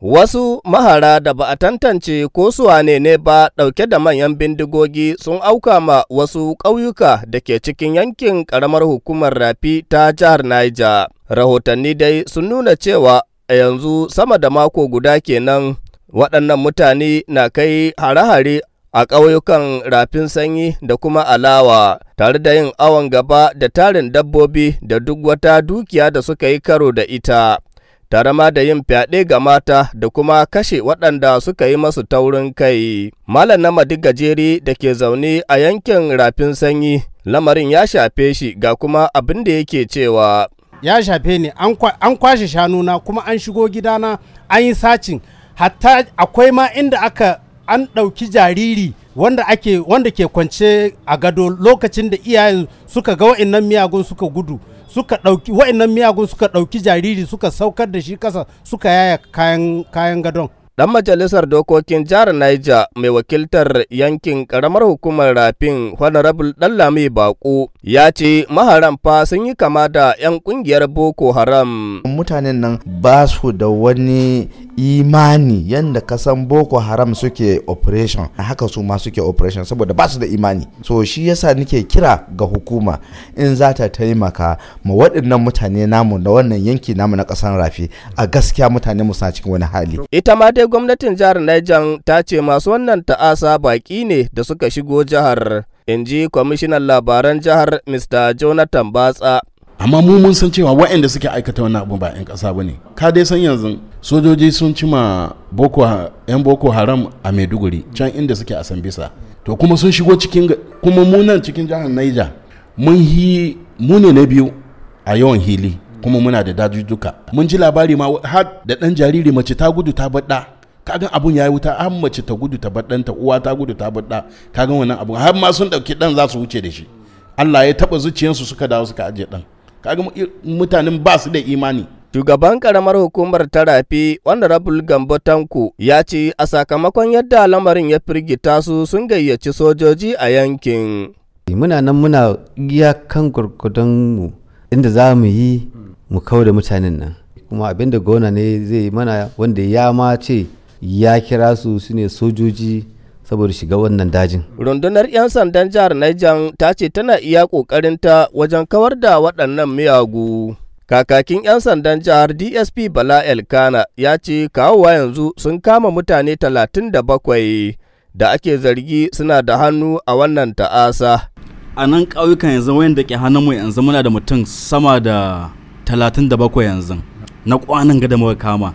Wasu mahara da ba a tantance ko wane ne ba ɗauke da manyan bindigogi sun auka ma wasu ƙauyuka da ke cikin yankin ƙaramar hukumar rafi ta jihar Niger. Rahotanni dai sun nuna cewa a yanzu sama da mako guda kenan waɗannan mutane na kai hare-hare a ƙauyukan rafin sanyi da kuma alawa tare da yin awon gaba da tarin dabbobi da duk wata dukiya da suka yi karo da ita. tare ma da yin fyaɗe ga mata da kuma kashe waɗanda suka yi masu taurin kai. Malam na Madigajeri da ke zaune a yankin Rafin Sanyi, lamarin ya shafe shi ga kuma abin da yake cewa. Ya shafe ne an kwashe shanuna kuma an shigo gidana an yi sacin hatta akwai ma inda aka an ɗauki jariri wanda ke kwance a gado lokacin da iyayen suka ga nan miyagun suka gudu. suka dauki wa'annan miyagun suka ɗauki jariri suka saukar da shi kasa suka yaya kayan kayan gadon Ɗan majalisar dokokin jihar Niger mai wakiltar yankin karamar hukumar rafin Honorable Ɗanlami Bako ya ce maharan fa sun yi kama da 'yan ƙungiyar Boko Haram. Mutanen nan ba su da wani imani yadda kasan Boko Haram suke operation haka su ma suke operation saboda ba su da imani. So shi yasa nake kira ga hukuma in za ta taimaka ma waɗannan mutane namu da wannan yanki namu na kasan rafi a gaskiya mutane mu suna cikin wani hali. Ita ma dai gwamnatin jihar Niger ta ce masu wannan ta'asa baƙi ne da suka shigo jihar, in ji kwamishinan labaran jihar Mr. Jonathan Batsa. Amma mu mun san cewa waɗanda suke aikata wannan abu ba 'yan ƙasa ba ne. Ka dai san yanzu sojoji sun cima boko 'yan Boko Haram a Maiduguri can inda suke a Sambisa. To kuma sun shigo cikin kuma mu nan cikin jihar Niger mun hi mu ne na biyu a yawan hili. kuma muna da dajujjuka mun ji labari ma har da ɗan jariri mace ta gudu ta baɗa kaga abun yayi wuta an mace ta gudu ta baddanta uwa ta gudu ta badda ɗa kaga wannan abun har ma sun ɗauki ɗan za su wuce da shi Allah ya taɓa zuciyarsu suka dawo suka ajiye dan kaga mutanen ba su da imani Shugaban karamar hukumar tarafi Honorable Gambo tanku ya ce a sakamakon yadda lamarin ya firgita su sun gayyaci sojoji a yankin. Muna nan muna giya kan mu inda za mu yi mu kau da mutanen nan. Kuma abinda gona ne zai mana wanda ya ma ce ya kira su su ne sojoji saboda shiga wannan dajin. Rundunar 'yan sandan jihar Niger ta ce tana iya ta wajen kawar da waɗannan miyagu. Kakakin 'yan sandan jihar DSP Bala Elkana ya ce kawowa yanzu sun kama mutane 37 da ake zargi suna da hannu a wannan ta'asa. A nan ƙauyukan yanzu wayan da ke hannunmu yanzu muna da mutum sama da 37 yanzu na kwanan gada muka kama.